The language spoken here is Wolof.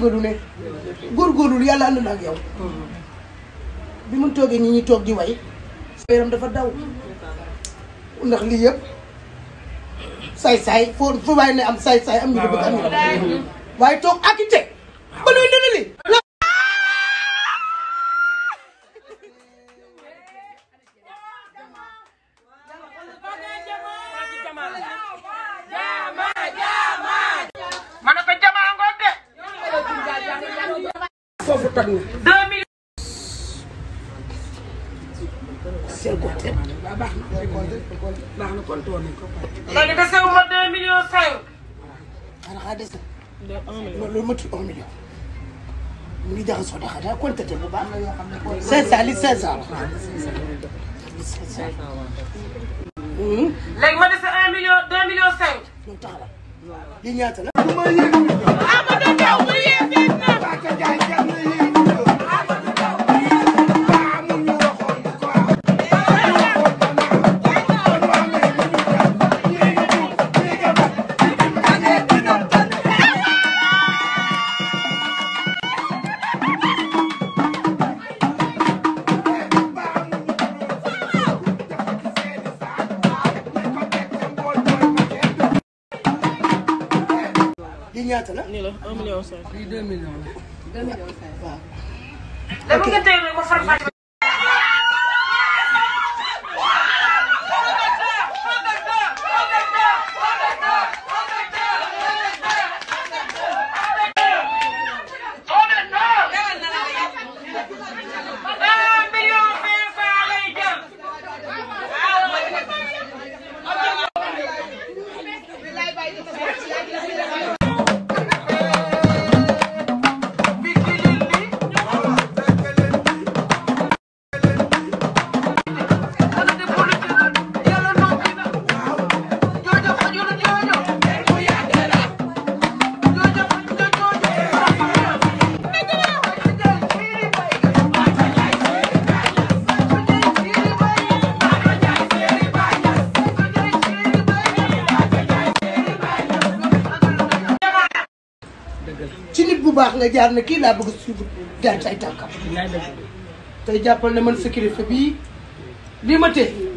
góorgóorlu ne góorgóorlu yàlla ànd na ak yow bi mu toogee ñi ñuy toog di way sa yaram dafa daw ndax lii yëpp saay-saay foo fu ne am saay-saay am ñu ko bëgg am ñu ko waaye toog architecte ba nooy dënali toj na. deux mille. sew compté baax na compté woon nañu ko pare. léegi de sewuma deux millions sew. xanaa xaa des na. loolu matul un million. mu ngi jaxasoo daxa daa compté te bu baax. cinq cent li cinq cent léegi ma dese un million deux millions sew. ñoom taxawal li ñaata la. bi ñaata la. nii la 1 million 5. bii 2 millions la. 2 millions 5 waaw. ok baax nga jaar na kii laa bëgg suivre jaar ci ay tànkam tey jàppal ne man sa kilifa bii lii ma tee